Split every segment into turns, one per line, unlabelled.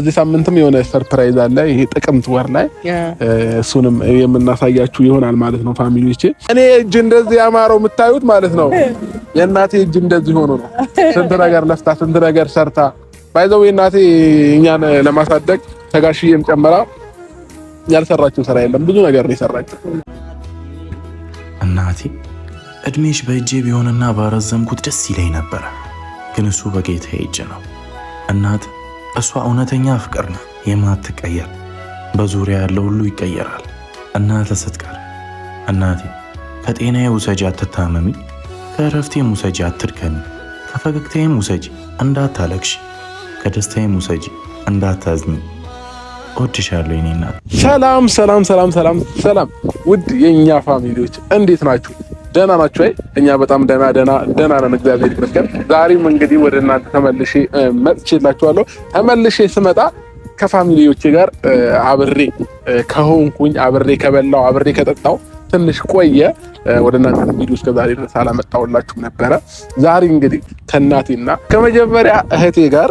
እዚህ ሳምንትም የሆነ ሰርፕራይዝ አለ። ይሄ ጥቅምት ወር ላይ እሱንም የምናሳያችሁ ይሆናል ማለት ነው ፋሚሊዎቼ። እኔ እጅ እንደዚህ ያማረው የምታዩት ማለት ነው የእናቴ እጅ እንደዚህ ሆኖ ነው። ስንት ነገር ለፍታ ስንት ነገር ሰርታ ባይዘው እናቴ እኛን ለማሳደግ ተጋሽዬም ጨምራ ያልሰራችው ስራ የለም። ብዙ ነገር ነው የሰራችው እናቴ። እድሜሽ በእጄ ቢሆንና ባረዘምኩት ደስ ይለኝ ነበረ፣ ግን እሱ በጌታ እጅ ነው እናት እሷ እውነተኛ ፍቅር ነው የማትቀየር። በዙሪያ ያለው ሁሉ ይቀየራል። እናተ ስትቀር እናቴ ከጤናዬ ውሰጂ አትታመሚ፣ ከእረፍቴም ውሰጂ አትድከሚ፣ ከፈገግታዬም ውሰጂ እንዳታለቅሽ፣ ከደስታዬም ውሰጂ እንዳታዝኝ ወድሻለሁ የኔ እናት። ሰላም ሰላም ሰላም ሰላም ሰላም። ውድ የእኛ ፋሚሊዎች እንዴት ናችሁ? ደህና ናችሁ ወይ? እኛ በጣም ደህና ደህና ደህና ነን፣ እግዚአብሔር ይመስገን። ዛሬም እንግዲህ ወደ እናንተ ተመልሼ መጥቼላችኋለሁ። ተመልሼ ስመጣ ከፋሚሊዎቼ ጋር አብሬ ከሆንኩኝ አብሬ ከበላው አብሬ ከጠጣው ትንሽ ቆየ። ወደ እናንተ ቪዲዮ ዛሬ ድረስ አላመጣሁላችሁም ነበረ። ዛሬ እንግዲህ ከእናቴና ከመጀመሪያ እህቴ ጋር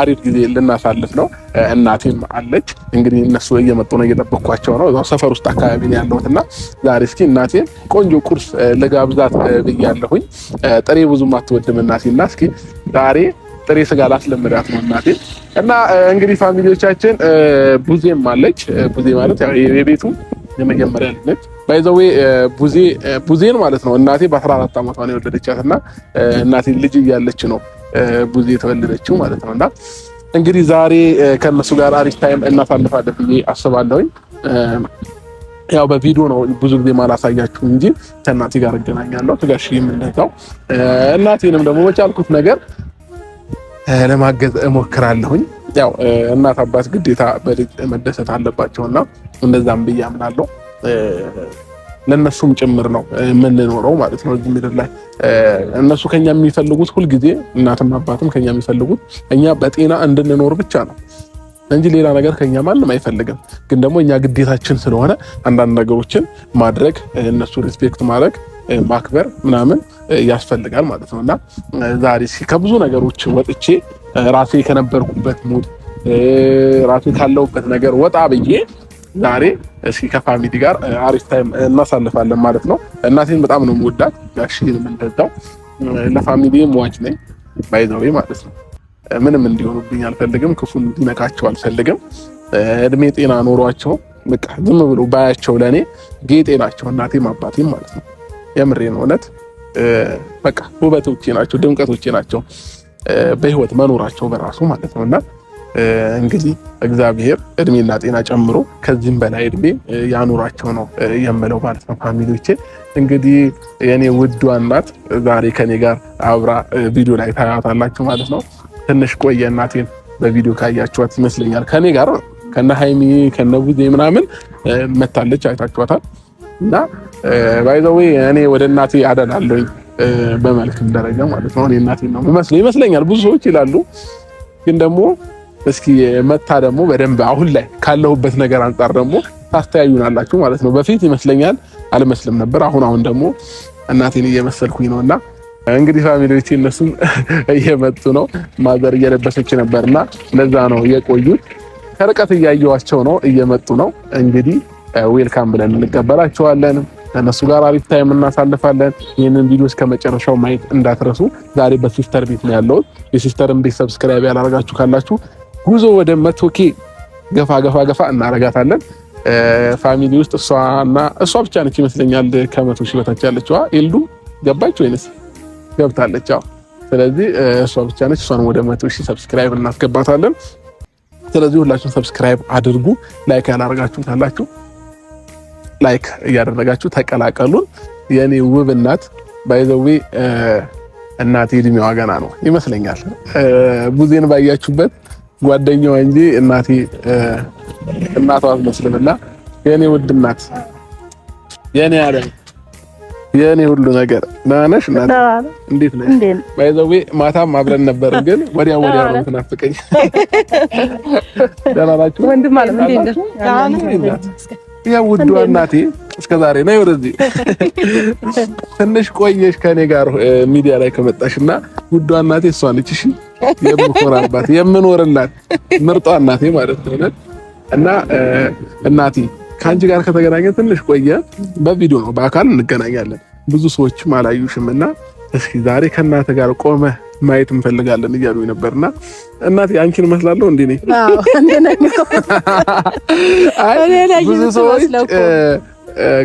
አሪፍ ጊዜ ልናሳልፍ ነው። እናቴም አለች እንግዲህ እነሱ እየመጡ ነው፣ እየጠበኳቸው ነው። እዛው ሰፈር ውስጥ አካባቢ ነው ያለሁት እና ዛሬ እስኪ እናቴን ቆንጆ ቁርስ ልጋብዛት ብያለሁኝ። ጥሬ ብዙም አትወድም እናቴና እስኪ ዛሬ ጥሬ ስጋ ላስለምዳት ነው እናቴ። እና እንግዲህ ፋሚሊዎቻችን ቡዜም አለች። ቡዜ ማለት የቤቱ የመጀመሪያ ልጅ ነች። ባይዘዌ ቡዜ ቡዜን ማለት ነው። እናቴ በ14 ዓመቷ ነው የወለደቻት እና eh, እናቴ ልጅ እያለች ነው eh, ቡዜ የተወለደችው ማለት ነው። እና እንግዲህ ዛሬ eh, ከነሱ ጋር አሪፍ ታይም እናሳልፋለን ብዬ አስባለሁኝ። ያው በቪዲዮ ነው ብዙ ጊዜ ማላሳያችሁ እንጂ ከእናቴ ጋር እገናኛለሁ። ትጋሽ የምንለው እናቴንም ደግሞ በቻልኩት ነገር ለማገዝ እሞክራለሁኝ። ያው እናት አባት ግዴታ በልጅ መደሰት አለባቸውና እንደዛም ብዬ አምናለሁ። ለእነሱም ጭምር ነው የምንኖረው ማለት ነው እዚህ ምድር ላይ። እነሱ ከኛ የሚፈልጉት ሁልጊዜ እናትም አባትም ከኛ የሚፈልጉት እኛ በጤና እንድንኖር ብቻ ነው እንጂ ሌላ ነገር ከኛ ማንም አይፈልግም። ግን ደግሞ እኛ ግዴታችን ስለሆነ አንዳንድ ነገሮችን ማድረግ እነሱ ሪስፔክት ማድረግ ማክበር ምናምን ያስፈልጋል ማለት ነው እና ዛሬ ከብዙ ነገሮች ወጥቼ ራሴ ከነበርኩበት ሙድ ራሴ ካለውበት ነገር ወጣ ብዬ ዛሬ እስኪ ከፋሚሊ ጋር አሪፍ ታይም እናሳልፋለን ማለት ነው። እናቴን በጣም ነው የምወዳት፣ ጋሽን የምንደዳው ለፋሚሊ ዋጭ ነኝ ባይዘዌ ማለት ነው። ምንም እንዲሆኑብኝ አልፈልግም፣ ክፉ እንዲነካቸው አልፈልግም። እድሜ ጤና ኖሯቸው በቃ ዝም ብሎ ባያቸው ለእኔ ጌጤ ናቸው፣ እናቴም አባቴም ማለት ነው። የምሬን እውነት በቃ ውበቶቼ ናቸው፣ ድምቀቶቼ ናቸው፣ በህይወት መኖራቸው በራሱ ማለት ነው እና እንግዲህ እግዚአብሔር እድሜና ጤና ጨምሮ ከዚህም በላይ እድሜ ያኑራቸው ነው የምለው ማለት ነው። ፋሚሊዎች እንግዲህ የኔ ውዷ እናት ዛሬ ከኔ ጋር አብራ ቪዲዮ ላይ ታያታላችሁ ማለት ነው። ትንሽ ቆየ እናቴን በቪዲዮ ካያችኋት ይመስለኛል ከኔ ጋር ከነ ሀይሚ ከነ ቡዜ ምናምን መታለች አይታችኋታል። እና ባይዘዌ እኔ ወደ እናቴ አደላለኝ በመልክም ደረጃ ማለት ነው። እኔ እናቴ ነው ይመስለኛል ብዙ ሰዎች ይላሉ፣ ግን ደግሞ እስኪ መታ ደግሞ በደንብ አሁን ላይ ካለሁበት ነገር አንጻር ደግሞ ታስተያዩናላችሁ ማለት ነው። በፊት ይመስለኛል አልመስልም ነበር። አሁን አሁን ደግሞ እናቴን እየመሰልኩኝ ነው እና እንግዲህ ፋሚሊዎች እነሱም እየመጡ ነው። ማዘር እየለበሰች ነበር እና ለዛ ነው የቆዩት። ከርቀት እያየዋቸው ነው፣ እየመጡ ነው። እንግዲህ ዌልካም ብለን እንቀበላቸዋለን። ከእነሱ ጋር አሪፍ ታይም እናሳልፋለን። ይህንን ቪዲዮ እስከ መጨረሻው ማየት እንዳትረሱ። ዛሬ በሲስተር ቤት ነው ያለሁት። የሲስተርን ቤት ሰብስክራይብ ያላረጋችሁ ካላችሁ ጉዞ ወደ መቶኬ ገፋ ገፋ ገፋ እናረጋታለን። ፋሚሊ ውስጥ እሷና እሷ ብቻ ነች ይመስለኛል ከመቶ ሺህ በታች ያለችዋ። ኤልዱ ገባች ወይንስ ገብታለች? አዎ። ስለዚህ እሷ ብቻ ነች። እሷን ወደ መቶ ሺህ ሰብስክራይብ እናስገባታለን። ስለዚህ ሁላችሁም ሰብስክራይብ አድርጉ። ላይክ ያላደረጋችሁ ካላችሁ ላይክ እያደረጋችሁ ተቀላቀሉን። የኔ ውብ እናት ባይዘዌ እናቴ እድሜዋ ገና ነው ይመስለኛል። ቡዜን ባያችሁበት ጓደኛዋ እንጂ እናቴ እናቷ አትመስልም። እና የኔ ውድ እናት የኔ ዓለም የኔ ሁሉ ነገር ደህና ነሽ እናት? እንዴት ነሽ? ባይዘዌ ማታም አብረን ነበር፣ ግን ወዲያ ወዲያ ነው ትናፍቀኝ። ደህና ናችሁ? ወንድም አለም እንዴት ነሽ? ያው ውድዋ እናቴ እስከ ዛሬ ነው ወደዚህ ትንሽ ቆየሽ ከኔ ጋር ሚዲያ ላይ ከመጣሽ እና ውድዋ እናቴ እሷ ነች። እሺ የምኮራባት የምኖርላት ምርጧ እናቴ ማለት ነው። እና እናቴ ከአንቺ ጋር ከተገናኘ ትንሽ ቆየ። በቪዲዮ ነው፣ በአካል እንገናኛለን። ብዙ ሰዎችም አላዩሽም እና እስኪ ዛሬ ከእናተ ጋር ቆመ ማየት እንፈልጋለን እያሉ ነበርና እናቴ አንቺን እመስላለሁ እንዴ? ብዙ ሰዎች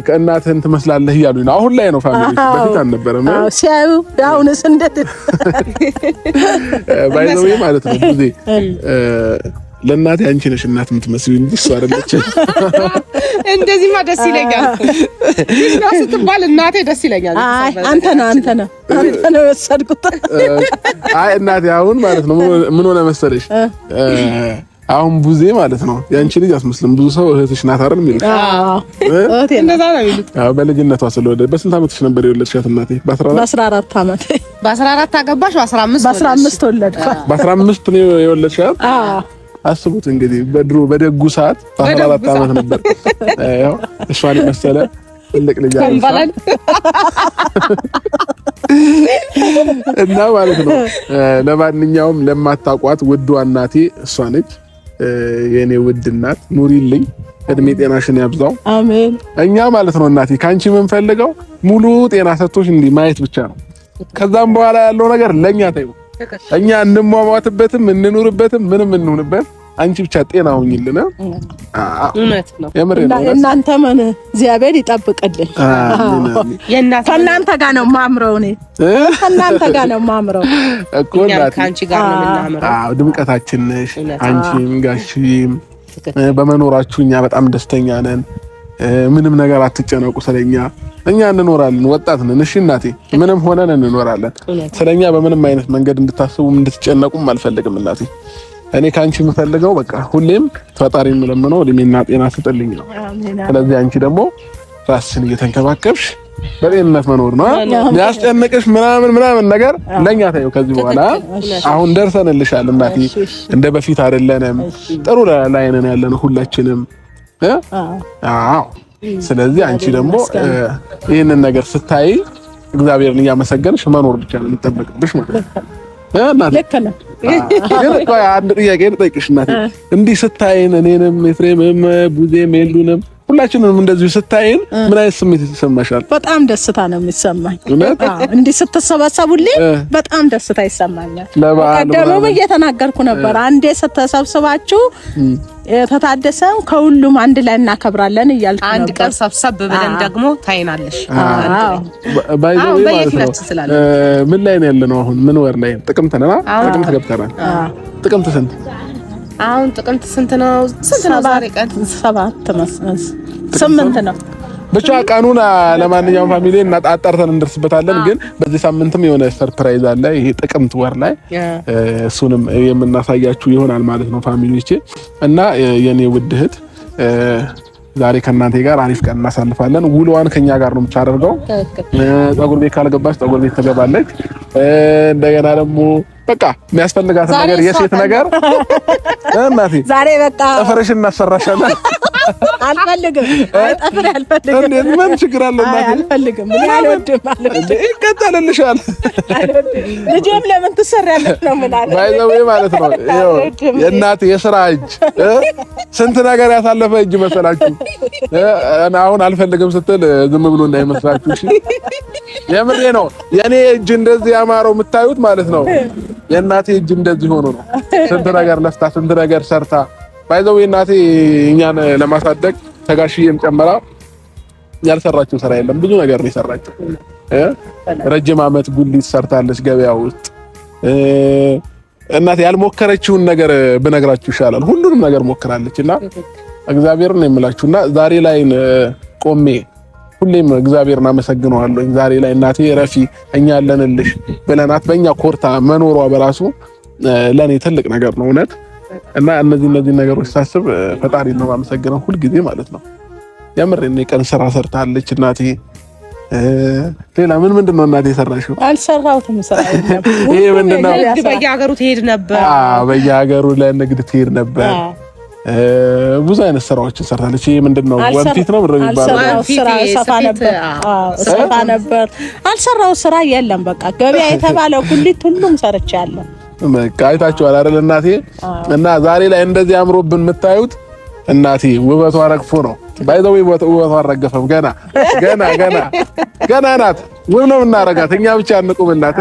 ከእናትህን ትመስላለህ እያሉ ነው። አሁን ላይ ነው ፋሚሊ፣ በፊት አልነበረም።
ሲያዩ አሁን ስንደት
ባይዘዌ ማለት ነው ጊዜ ለእናት አንቺ ነሽ እናት የምትመስለው እንጂ እሱ አይደለች።
እንደዚህማ ደስ ይለኛል ስትባል እናቴ ደስ ይለኛል። አንተ ነህ አንተ ነህ አንተ ነህ የወሰድኩት።
አይ እናቴ አሁን ማለት ነው ምን ሆነ መሰለሽ አሁን ቡዜ ማለት ነው ያንቺ ልጅ አስመስልም ብዙ ሰው እህትሽ ናት አይደል የሚል እንደዛ ነው በልጅነቷ ስለወደ በስንት ዓመትሽ ነበር የወለድሻት እናቴ?
በ14 ዓመት በ በ14 አገባሽ፣
በ15 ነው የወለድሻት። አስቡት እንግዲህ በድሮ በደጉ ሰዓት በ14 ዓመት ነበር። እሷን የመሰለ ትልቅ ልጅ እና ማለት ነው። ለማንኛውም ለማታቋት ውዷ እናቴ እሷ ነች። የእኔ ውድ እናት ኑሪልኝ፣ እድሜ ጤናሽን ያብዛው። አሜን። እኛ ማለት ነው እናቴ ከአንቺ የምንፈልገው ሙሉ ጤና ሰጥቶሽ እንዲህ ማየት ብቻ ነው። ከዛም በኋላ ያለው ነገር ለእኛ ተይው። እኛ እንሟሟትበትም እንኑርበትም ምንም እንሁንበት አንቺ ብቻ ጤና ሁኝልን እውነት
ነው። እናንተ ምን እግዚአብሔር ይጠብቅልን። ከእናንተ ጋር ነው ማምረው እኔ ከእናንተ ጋር ነው ማምረው
እኮ ድምቀታችን ነሽ አንቺም ጋሽዬም። በመኖራችሁ እኛ በጣም ደስተኛ ነን። ምንም ነገር አትጨነቁ ስለኛ። እኛ እንኖራለን፣ ወጣት ነን። እሺ እናቴ፣ ምንም ሆነን እንኖራለን። ስለኛ በምንም አይነት መንገድ እንድታስቡም እንድትጨነቁም አልፈልግም እናቴ እኔ ከአንቺ የምፈልገው በቃ ሁሌም ፈጣሪ የምለምነው እድሜና ጤና ስጥልኝ ነው። ስለዚህ አንቺ ደግሞ ራስን እየተንከባከብሽ በጤንነት መኖር ነው ያስጨንቅሽ፣ ምናምን ምናምን ነገር ለኛ ታየው። ከዚህ በኋላ አሁን ደርሰንልሻል እናቴ፣ እንደ በፊት አይደለንም። ጥሩ ላይ ነን ያለን ሁላችንም። አዎ። ስለዚህ አንቺ ደግሞ ይህንን ነገር ስታይ እግዚአብሔርን እያመሰገንሽ መኖር ብቻ ነው የሚጠበቅብሽ ማለት ነው። አንድ ጥያቄ ልጠይቅሽ እናቴ። እንዲህ ስታይን እኔንም ኤፍሬምም ቡዜም የሉንም ሁላችንም እንደዚሁ ስታይን ምን አይነት ስሜት ይሰማሻል?
በጣም ደስታ ነው የሚሰማኝ። እንዲህ ስትሰበሰቡልኝ በጣም ደስታ ይሰማኛል። ቀደሙም እየተናገርኩ ነበር። አንዴ ስተሰብስባችሁ የተታደሰም ከሁሉም አንድ ላይ እናከብራለን እያልኩ ነበር። አንድ ቀን ሰብሰብ ብለን ደግሞ ታይናለሽ።
ባይ ባይዘው ምን ላይ ነው ያለነው? አሁን ምን ወር ላይ ጥቅምት ነና ጥቅምት ገብተናል። ጥቅምት ስንት
አሁን ጥቅምት ስንት ነው? ስንት ነው? ዛሬ ቀን ሰባት መስመስ ስምንት ነው።
ብቻ ቀኑን ለማንኛውም ፋሚሊ እና እንደርስበታለን። ግን በዚህ ሳምንትም የሆነ ሰርፕራይዝ አለ። ይሄ ጥቅምት ወር ላይ እሱንም የምናሳያችሁ ይሆናል ማለት ነው ፋሚሊዎቼ እና የኔ ውድ እህት ዛሬ ከእናንተ ጋር አሪፍ ቀን እናሳልፋለን። ውሎዋን ከኛ ጋር ነው የምታደርገው። ፀጉር ቤት ካልገባች ፀጉር ቤት ትገባለች። እንደገና ደግሞ በቃ የሚያስፈልጋት ነገር የሴት ነገር እናቴ ዛሬ በቃ ጥፍርሽን እናሰራሻለን።
አልፈልግም። አይጠፍን አልፈልግም።
ምን ችግር አለ? ማለት ይቀጠልልሻል።
ልጄም ለምን ትሰሪያለሽ ነው
ማለት ነው። የእናት የስራ እጅ ስንት ነገር ያሳለፈ እጅ መሰላችሁ። አሁን አልፈልግም ስትል ዝም ብሎ እንዳይመስላችሁ የምሬ ነው። የኔ እጅ እንደዚህ ያማረው የምታዩት ማለት ነው። የእናቴ እጅ እንደዚህ ሆኖ ነው። ስንት ነገር ለፍታ ስንት ነገር ሰርታ ባይዘው እናቴ እኛን ለማሳደግ ተጋሽዬም ጨመራ ያልሰራችው ስራ የለም። ብዙ ነገር ነው የሰራችው። ረጅም ዓመት ጉሊት ሰርታለች ገበያ ውስጥ። እናቴ ያልሞከረችውን ነገር ብነግራችሁ ይሻላል። ሁሉንም ነገር ሞክራለች እና እግዚአብሔርን ነው የምላችሁ እና ዛሬ ላይ ቆሜ ሁሌም እግዚአብሔርን አመሰግነዋለሁ። ዛሬ ላይ እናቴ ረፊ እኛ ያለንልሽ ብለናት በእኛ ኮርታ መኖሯ በራሱ ለእኔ ትልቅ ነገር ነው እውነት እና እነዚህ እነዚህ ነገሮች ሳስብ ፈጣሪ ነው ማመሰግነው ሁልጊዜ ማለት ነው። የምር የቀን ስራ ሰርታለች እናቴ። ሌላ ምን ምንድን ነው እናቴ የሰራሽው?
አልሰራሁትም። ይሄ ምንድን ነው? በየሀገሩ ትሄድ ነበር።
በየሀገሩ ለንግድ ትሄድ ነበር። ብዙ አይነት ስራዎችን ሰርታለች። ይሄ ምንድን ነው? ወንፊት ነው ምድ ስራ
ነበር። አልሰራው ስራ የለም። በቃ ገበያ የተባለ ጉሊት ሁሉም ሰርቻለሁ።
አይታችኋል አይደል እናቴ? እና ዛሬ ላይ እንደዚህ አምሮብን የምታዩት እናቴ ውበቷ ረግፎ ነው። ባይ ዘ ባይዘው ውበቷ አልረገፈም። ገና ገና ገና ገና ናት። ውብ ነው እናረጋት እኛ ብቻ እንቁምላት።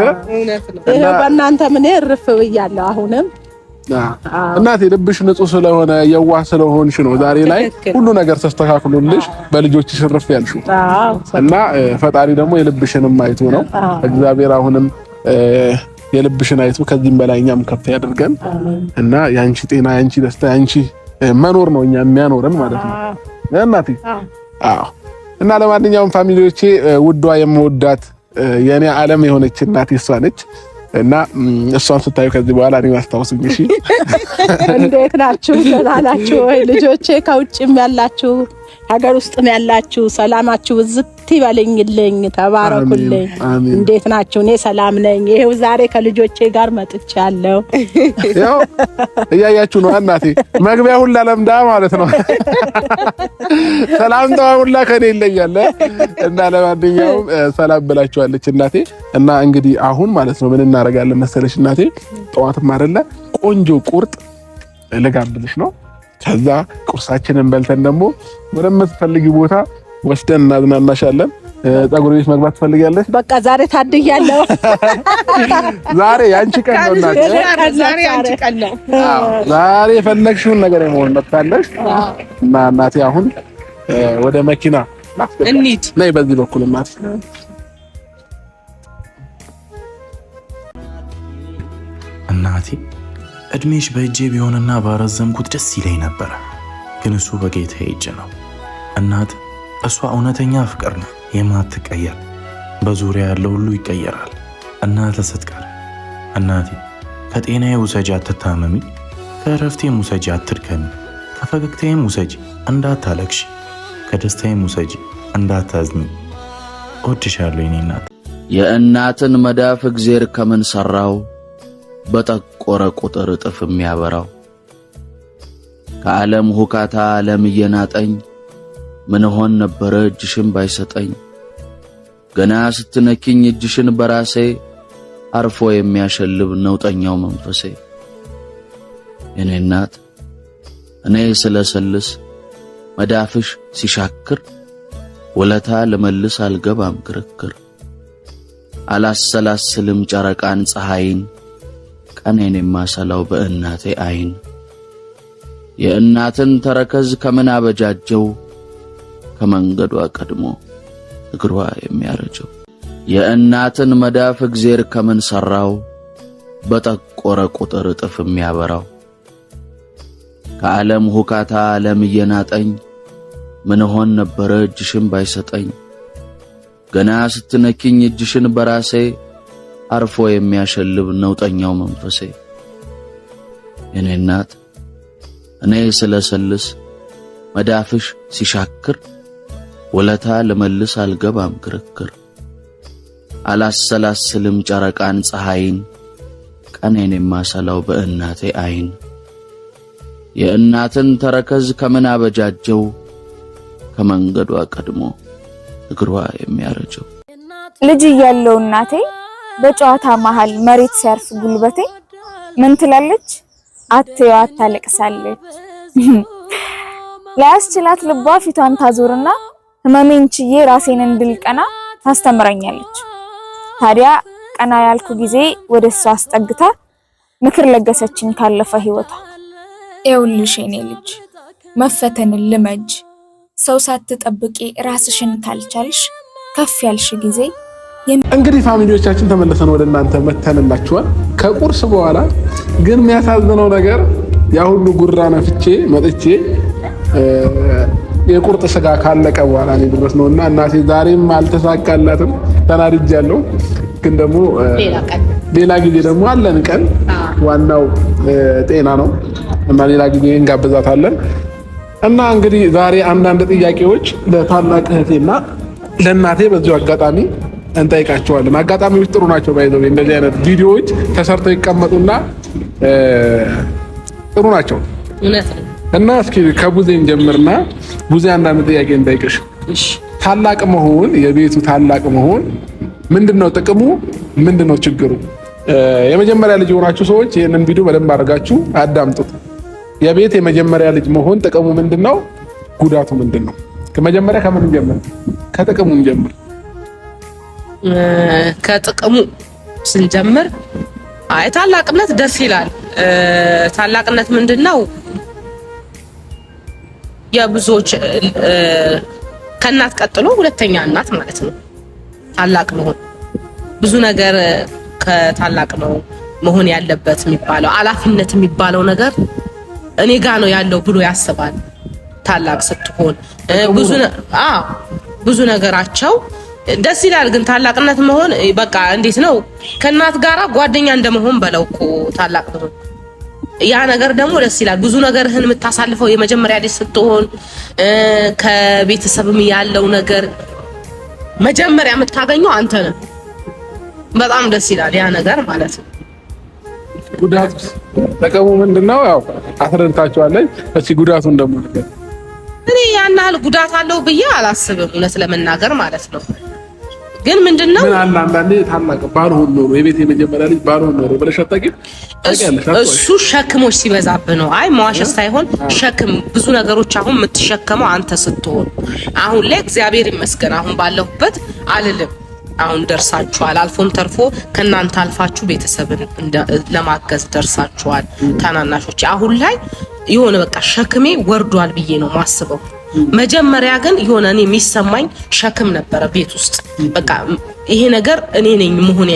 በእናንተ ምን እርፍ ብያለሁ። አሁንም
እናቴ ልብሽ ንጹህ ስለሆነ የዋህ ስለሆንሽ ነው ዛሬ ላይ ሁሉ ነገር ተስተካክሎልሽ በልጆች እርፍ ያልሹ እና ፈጣሪ ደግሞ የልብሽንም አይቶ ነው እግዚአብሔር አሁንም የልብሽን አይቶ ከዚህም በላይ እኛም ከፍ ያደርገን እና የአንቺ ጤና የአንቺ ደስታ የአንቺ መኖር ነው እኛ የሚያኖረን ማለት ነው እናቴ። አዎ። እና ለማንኛውም ፋሚሊዎቼ ውዷ የምወዳት የእኔ ዓለም የሆነች እናቴ እሷ ነች። እና እሷን ስታዩ ከዚህ በኋላ እኔ አስታውሱኝ። እሺ፣
እንዴት ናችሁ? ደህና ናችሁ ወይ ልጆቼ? ከውጭም ያላችሁ ሀገር ውስጥም ያላችሁ ሰላማችሁ ዝት ይበልኝልኝ። ተባረኩልኝ። እንዴት ናችሁ? እኔ ሰላም ነኝ። ይሄው ዛሬ ከልጆቼ ጋር መጥቻለሁ።
ያው እያያችሁ ነው። እናቴ መግቢያ ሁላ ለምዳ ማለት ነው። ሰላምታዋ ሁላ ከኔ ይለኛል እና ለማንኛውም ሰላም ብላችኋለች እናቴ። እና እንግዲህ አሁን ማለት ነው ምን እናደርጋለን መሰለሽ እናቴ፣ ጠዋትም አይደለ ቆንጆ ቁርጥ ልጋብዝሽ ነው ከዛ ቁርሳችንን በልተን ደግሞ ወደምትፈልጊ ቦታ ወስደን እናዝናናሻለን። ፀጉር ቤት መግባት ትፈልጋለች? በቃ
ዛሬ ታድያለሁ።
ዛሬ ያንቺ ቀን ነው
እናቴ፣ ዛሬ ያንቺ ቀን ነው።
ዛሬ የፈለግሽውን ነገር የመሆን መታለሽ እና እናቴ፣ አሁን ወደ መኪና እንሂድ። ነይ በዚህ በኩል እናቴ እናቴ እድሜሽ በእጄ ቢሆንና ባረዘምኩት ደስ ይለኝ ነበረ፣ ግን እሱ በጌታ እጅ ነው። እናት እሷ እውነተኛ ፍቅር ነው የማትቀየር። በዙሪያ ያለው ሁሉ ይቀየራል፣ እናት ስትቀር። እናቴ ከጤናዬ ውሰጂ አትታመሚ፣ ከእረፍቴም ውሰጂ አትድከሚ፣ ከፈገግታዬም ውሰጂ እንዳታለቅሽ፣ ከደስታዬም ውሰጂ እንዳታዝኝ። እወድሻለሁ የኔ እናት። የእናትን መዳፍ እግዜር ከምን ሰራው በጠቆረ ቁጥር እጥፍ የሚያበራው ከዓለም ሁካታ ዓለም እየናጠኝ ምን ሆን ነበረ እጅሽን ባይሰጠኝ ገና ስትነኪኝ እጅሽን በራሴ አርፎ የሚያሸልብ ነውጠኛው መንፈሴ የኔ እናት እኔ ስለሰልስ መዳፍሽ ሲሻክር ውለታ ልመልስ አልገባም ክርክር አላሰላስልም ጨረቃን ፀሐይን ቀኔን የማሰላው በእናቴ ዐይን የእናትን ተረከዝ ከምን አበጃጀው ከመንገዷ ቀድሞ እግሯ የሚያረጀው የእናትን መዳፍ እግዜር ከምን ሠራው በጠቆረ ቁጥር እጥፍ የሚያበራው ከዓለም ሁካታ ዓለም እየናጠኝ ምን ሆን ነበረ እጅሽን ባይሰጠኝ ገና ስትነኪኝ እጅሽን በራሴ አርፎ የሚያሸልብ ነውጠኛው መንፈሴ እኔ እናት እኔ ስለሰልስ መዳፍሽ ሲሻክር ውለታ ልመልስ አልገባም ክርክር አላሰላስልም ጨረቃን ፀሐይን ቀኔን የማሰላው በእናቴ አይን የእናትን ተረከዝ ከምን አበጃጀው ከመንገዷ ቀድሞ እግሯ የሚያረጀው
ልጅ እያለው እናቴ በጨዋታ መሀል መሬት ሲያርፍ ጉልበቴ ምን ትላለች? አትየዋ አታለቅሳለች። ላያስችላት ልቧ ፊቷን ታዞርና ህመሜን ችዬ ራሴን እንድል ቀና ታስተምረኛለች። ታዲያ ቀና ያልኩ ጊዜ ወደ እሷ አስጠግታ ምክር ለገሰችኝ ካለፈ ህይወቷ። ይኸውልሽ የኔ ልጅ መፈተንን ልመጅ ሰው ሳትጠብቂ ራስሽን ካልቻልሽ ከፍ ያልሽ ጊዜ
እንግዲህ ፋሚሊዎቻችን ተመልሰን ወደ እናንተ መተንላችኋል። ከቁርስ በኋላ ግን የሚያሳዝነው ነገር ያ ሁሉ ጉራ ነፍቼ መጥቼ የቁርጥ ስጋ ካለቀ በኋላ ነው ድረስ ነው እና እናቴ ዛሬም አልተሳካላትም። ተናድጃለሁ። ግን ደግሞ ሌላ ጊዜ ደግሞ አለን ቀን። ዋናው ጤና ነው እና ሌላ ጊዜ እንጋብዛታለን። እና እንግዲህ ዛሬ አንዳንድ ጥያቄዎች ለታላቅ እህቴና ለእናቴ በዚሁ አጋጣሚ እንጠይቃቸዋለን። አጋጣሚዎች ጥሩ ናቸው። ባይዘው እንደዚህ አይነት ቪዲዮዎች ተሰርተው ይቀመጡና ጥሩ ናቸው እና እስኪ ከቡዜን ጀምርና ቡዜ አንዳንድ ጥያቄ እንጠይቅሽ። ታላቅ መሆን የቤቱ ታላቅ መሆን ምንድነው ጥቅሙ? ምንድነው ችግሩ? የመጀመሪያ ልጅ የሆናችሁ ሰዎች ይህንን ቪዲዮ በደንብ አድርጋችሁ አዳምጡት። የቤት የመጀመሪያ ልጅ መሆን ጥቅሙ ምንድነው? ጉዳቱ ምንድነው? ከመጀመሪያ ከምንም ጀምር፣ ከጥቅሙም ጀምር
ከጥቅሙ ስንጀምር አይ ታላቅነት ደስ ይላል። ታላቅነት ምንድን ነው? የብዙዎች ከእናት ቀጥሎ ሁለተኛ እናት ማለት ነው። ታላቅ መሆን ብዙ ነገር ከታላቅ ነው መሆን ያለበት የሚባለው ኃላፊነት የሚባለው ነገር እኔ ጋ ነው ያለው ብሎ ያስባል። ታላቅ ስትሆን ብዙ ብዙ ነገራቸው ደስ ይላል ግን ታላቅነት መሆን በቃ እንዴት ነው ከእናት ጋራ ጓደኛ እንደመሆን በለው እኮ ታላቅ ያ ነገር ደግሞ ደስ ይላል። ብዙ ነገርህን የምታሳልፈው የመጀመሪያ ልጅ ስትሆን ከቤተሰብም ያለው ነገር መጀመሪያ የምታገኘው አንተ ነህ። በጣም ደስ ይላል ያ ነገር ማለት ነው።
ጉዳት ጥቅሙ ምንድነው? ያው አስረድታችኋለች። እሺ ጉዳቱ እንደሞ
እኔ ያን ያህል ጉዳት አለው ብዬ አላስብም እውነት ለመናገር ማለት ነው። ግን ምንድን ነው ምን
አለ አንዳንዴ ታላቅ ባልሆን ኖሮ የቤት የመጀመሪያ ልጅ ባልሆን ኖሮ ብለሽ አታውቂም።
እሱ ሸክሞች ሲበዛብ ነው። አይ መዋሸት ሳይሆን ሸክም፣ ብዙ ነገሮች አሁን የምትሸከመው አንተ ስትሆን፣ አሁን ላይ እግዚአብሔር ይመስገን አሁን ባለሁበት አልልም። አሁን ደርሳችኋል። አልፎም ተርፎ ከእናንተ አልፋችሁ ቤተሰብን ለማገዝ ደርሳችኋል። ታናናሾች አሁን ላይ የሆነ በቃ ሸክሜ ወርዷል ብዬ ነው ማስበው። መጀመሪያ ግን የሆነ እኔ የሚሰማኝ ሸክም ነበረ ቤት ውስጥ በቃ ይሄ ነገር እኔ ነኝ መሆን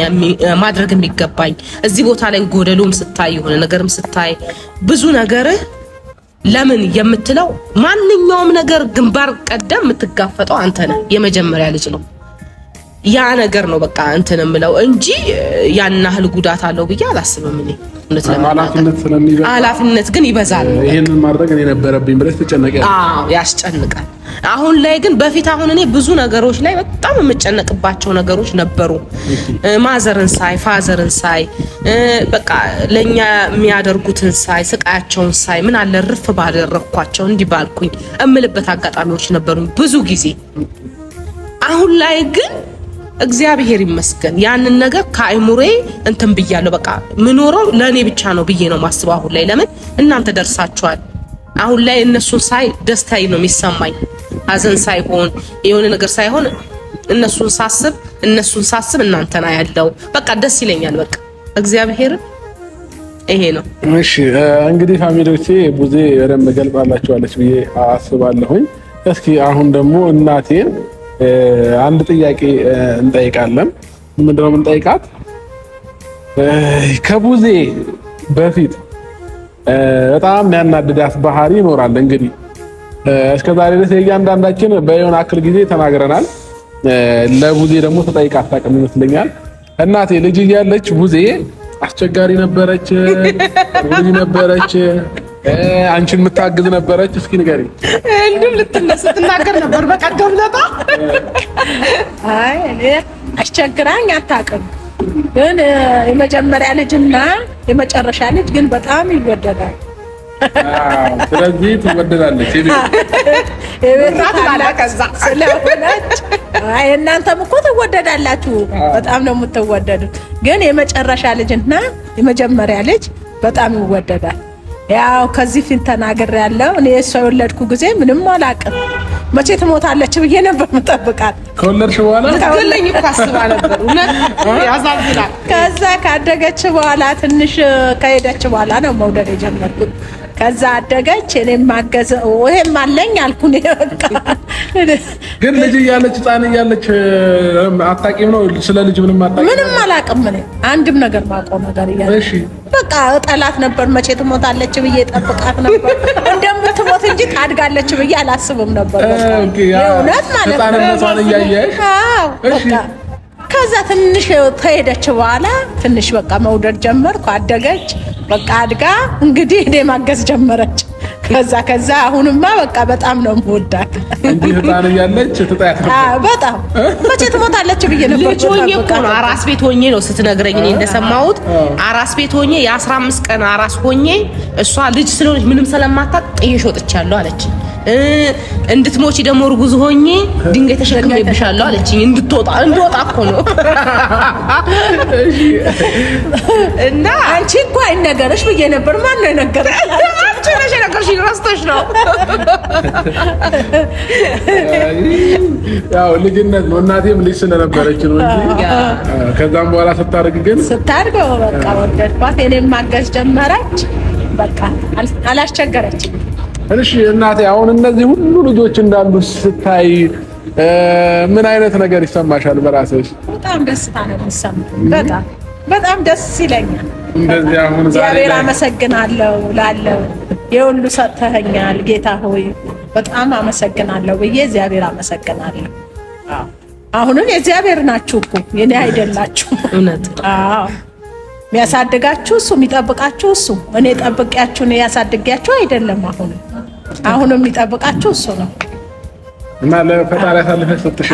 ማድረግ የሚገባኝ እዚህ ቦታ ላይ ጎደሎም ስታይ የሆነ ነገርም ስታይ ብዙ ነገርህ ለምን የምትለው ማንኛውም ነገር ግንባር ቀደም የምትጋፈጠው አንተ ነህ። የመጀመሪያ ልጅ ነው። ያ ነገር ነው በቃ እንትን የምለው እንጂ ያን ያህል ጉዳት አለው ብዬ አላስብም። እኔ እውነት ኃላፊነት ግን ይበዛል።
ይሄንን ማድረግ እኔ ነበረብኝ ብለሽ ትጨነቀ
ያስጨንቃል። አሁን ላይ ግን በፊት አሁን እኔ ብዙ ነገሮች ላይ በጣም የምጨነቅባቸው ነገሮች ነበሩ። ማዘርን ሳይ፣ ፋዘርን ሳይ፣ በቃ ለእኛ የሚያደርጉትን ሳይ፣ ስቃያቸውን ሳይ ምን አለ ርፍ ባደረግኳቸው እንዲህ ባልኩኝ እምልበት አጋጣሚዎች ነበሩ ብዙ ጊዜ። አሁን ላይ ግን እግዚአብሔር ይመስገን ያንን ነገር ከአይሙሬ እንትን ብያለሁ። በቃ ምኖረው ለእኔ ብቻ ነው ብዬ ነው ማስበው አሁን ላይ። ለምን እናንተ ደርሳችኋል። አሁን ላይ እነሱን ሳይ ደስታይ ነው የሚሰማኝ፣ ሀዘን ሳይሆን የሆነ ነገር ሳይሆን እነሱን ሳስብ እነሱን ሳስብ እናንተና ያለው በቃ ደስ ይለኛል። በቃ እግዚአብሔር ይሄ ነው።
እሺ እንግዲህ ፋሚሊዎቼ ቡዜ በደንብ ገልጻላችኋለች ብዬ አስባለሁኝ። እስኪ አሁን ደግሞ እናቴን አንድ ጥያቄ እንጠይቃለን። ምንድነው የምንጠይቃት? ከቡዜ በፊት በጣም ያናድዳት ባህሪ ይኖራል። እንግዲህ ዛሬ ድረስ እያንዳንዳችን በየሆነ አክል ጊዜ ተናግረናል። ለቡዜ ደግሞ ተጠይቃ አታውቅም ይመስለኛል። እናቴ ልጅ እያለች ቡዜ አስቸጋሪ ነበረች፣ ነበረች አንቺን የምታግዝ ነበረች። እስኪ ንገሪ።
እንዲሁም ልትነስ ስትናገር ነበር በቀደም ለታ። አይ እኔ አስቸግራኝ አታውቅም። ግን የመጀመሪያ ልጅ እና የመጨረሻ ልጅ ግን በጣም ይወደዳል።
ስለዚህ ትወደዳለች።
ስለሆነች አይ እናንተም እኮ ትወደዳላችሁ። በጣም ነው የምትወደዱት። ግን የመጨረሻ ልጅ እና የመጀመሪያ ልጅ በጣም ይወደዳል። ያው ከዚህ ፊት ተናገር ያለው እኔ እሷ የወለድኩ ጊዜ ምንም አላቅም። መቼ ትሞታለች ብዬ ነበር ምጠብቃት።
ከወለድሽ በኋላ
ልትገለኝ እኮ አስባ ነበር። ከዛ ካደገች በኋላ ትንሽ ከሄደች በኋላ ነው መውደድ የጀመርኩት። ከዛ አደገች። እኔም ማገዘ ይሄም አለኝ አልኩኝ። በቃ
ግን ልጅ እያለች ህፃን እያለች አታውቂም ነው? ስለ ልጅ ምንም አታውቂም?
ምንም አላውቅም እኔ አንድም ነገር ማውቀው ነገር እሺ፣ በቃ ጠላት ነበር። መቼ ትሞታለች ብዬ ጠብቃት ነበር እንደምትሞት እንጂ ታድጋለች ብዬ አላስብም
ነበር። እውነት ማለት ነው።
አዎ ከዛ ትንሽ ከሄደች በኋላ ትንሽ በቃ መውደድ ጀመርኩ። አደገች፣ በቃ አድጋ እንግዲህ እኔ ማገዝ ጀመረች። ከዛ ከዛ አሁንማ በቃ በጣም ነው የምወዳት።
እንዲህ ህፃን እያለች ትጣያት
በጣም መቼ ትሞታለች ብዬ ነበር። ልጅ ሆኜ እኮ ነው አራስ ቤት ሆኜ ነው ስትነግረኝ እኔ እንደሰማሁት አራስ ቤት ሆኜ የአስራ አምስት ቀን አራስ ሆኜ እሷ ልጅ ስለሆነች ምንም ስለማታውቅ ጥዬሽ ወጥቻለሁ አለች። እንድትሞቺ ደግሞ እርጉዝ ሆኜ ድንጋይ ተሸክሜብሻለሁ አለችኝ። እንድትወጣ እንድወጣ እኮ ነው። እና አንቺ እኮ አይነገረሽ ብዬ ነበር። ማን ነው የነገረሽ? አንቺ ነሽ የነገርሽኝ። ረስተሽ ነው።
ያው ልጅነት ነው። እናቴም ልጅ ስለነበረች ነው እንጂ ከዛም በኋላ ስታርግ ግን
ስታርግ በቃ ወደድኳት። እኔም ማገዝ ጀመረች። በቃ አላስቸገረችም።
እሺ እናቴ፣ አሁን እነዚህ ሁሉ ልጆች እንዳሉ ስታይ ምን አይነት ነገር ይሰማሻል? በራስሽ
በጣም ደስታ ነው የሚሰማው። በጣም በጣም ደስ ይለኛል። እንደዚህ አሁን ዛሬ አመሰግናለሁ ላለው የሁሉ ሰጥተኸኛል ጌታ ሆይ በጣም አመሰግናለሁ ብዬ እግዚአብሔር አመሰግናለሁ። አሁንም የእግዚአብሔር ናችሁ እኮ የኔ አይደላችሁ። እውነት የሚያሳድጋችሁ እሱ፣ የሚጠብቃችሁ እሱ። እኔ ጠብቂያችሁ ነው ያሳድጊያችሁ አይደለም አሁንም አሁን የሚጠብቃቸው እሱ ነው
እና ለፈጣሪ አሳልፈሽ ሰጥሽ።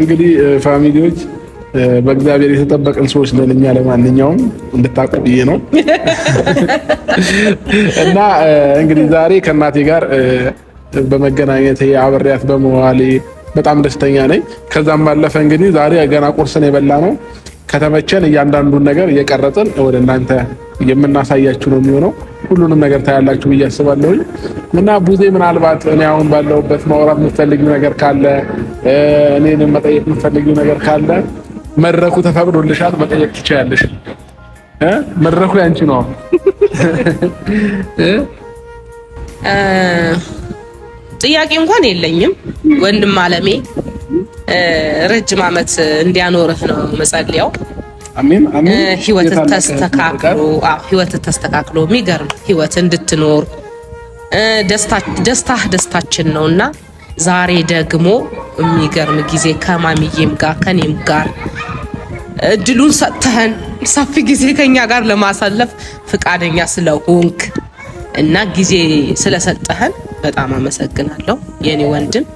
እንግዲህ ፋሚሊዎች በእግዚአብሔር የተጠበቅን ሰዎች ነን እኛ። ለማንኛውም እንድታውቁ ብዬ ነው እና እንግዲህ ዛሬ ከእናቴ ጋር በመገናኘት አብሬያት በመዋሌ በጣም ደስተኛ ነኝ። ከዛም ባለፈ እንግዲህ ዛሬ ገና ቁርስን የበላ ነው ከተመቸን እያንዳንዱን ነገር እየቀረጽን ወደ እናንተ የምናሳያችሁ ነው የሚሆነው። ሁሉንም ነገር ታያላችሁ ብዬ አስባለሁ እና ቡዜ ምናልባት እኔ አሁን ባለሁበት ማውራት የምትፈልጊው ነገር ካለ እኔንም መጠየቅ የምትፈልጊው ነገር ካለ መድረኩ ተፈቅዶልሻል፣ መጠየቅ ትችያለሽ። መድረኩ ያንቺ ነው።
ጥያቄ እንኳን የለኝም ወንድም አለሜ፣ ረጅም ዓመት እንዲያኖርህ ነው መጸልያው። ህይወት ተስተካክሎ ህይወት ተስተካክሎ የሚገርም ህይወት እንድትኖር ደስታህ ደስታችን ነው እና ዛሬ ደግሞ የሚገርም ጊዜ ከማሚዬም ጋር ከኔም ጋር እድሉን ሰጥተህን ሰፊ ጊዜ ከኛ ጋር ለማሳለፍ ፍቃደኛ ስለሆንክ እና ጊዜ ስለሰጠህን በጣም አመሰግናለሁ የኔ ወንድም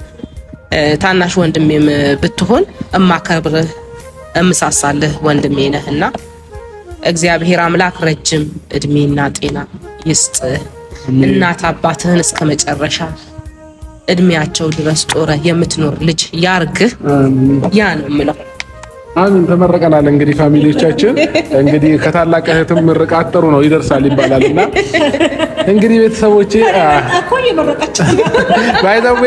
ታናሽ ወንድሜም ብትሆን እማከብርህ እምሳሳልህ ወንድሜ ነህ እና እግዚአብሔር አምላክ ረጅም እድሜና ጤና ይስጥህ። እናት አባትህን እስከ መጨረሻ እድሜያቸው ድረስ ጦረ የምትኖር ልጅ ያርግህ። ያ ነው የምለው።
አሚን ተመረቀናል። እንግዲህ ፋሚሊዎቻችን እንግዲህ ከታላቅ እህትም ምርቃት ጥሩ ነው ይደርሳል ይባላል እና እንግዲህ ቤተሰቦቼ
ባይ ዘ
ባይዘዌ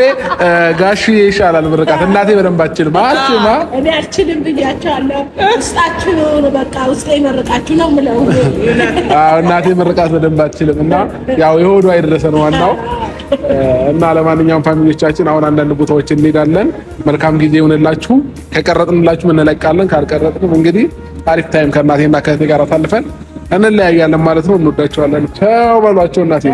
ጋሹ ይሻላል ምርቃት እናቴ በደንብ አትችልም
አትችልም እኔ አልችልም ብያቸዋለሁ። ውስጣችሁን በቃ ውስጤ መርቃችሁ ነው ምለው
አዎ እናቴ ምርቃት በደንብ አትችልም እና ያው የሆዷ አይደረሰ ነው ዋናው እና ለማንኛውም ፋሚሊዎቻችን አሁን አንዳንድ ቦታዎች እንሄዳለን። መልካም ጊዜ ይሁንላችሁ። ከቀረጥንላችሁ እንለቃለን፣ ካልቀረጥንም እንግዲህ አሪፍ ታይም ከእናቴ እና ከእህቴ ጋር አሳልፈን እንለያያለን ማለት ነው። እንወዳቸዋለን። ቻው በሏቸው እናቴ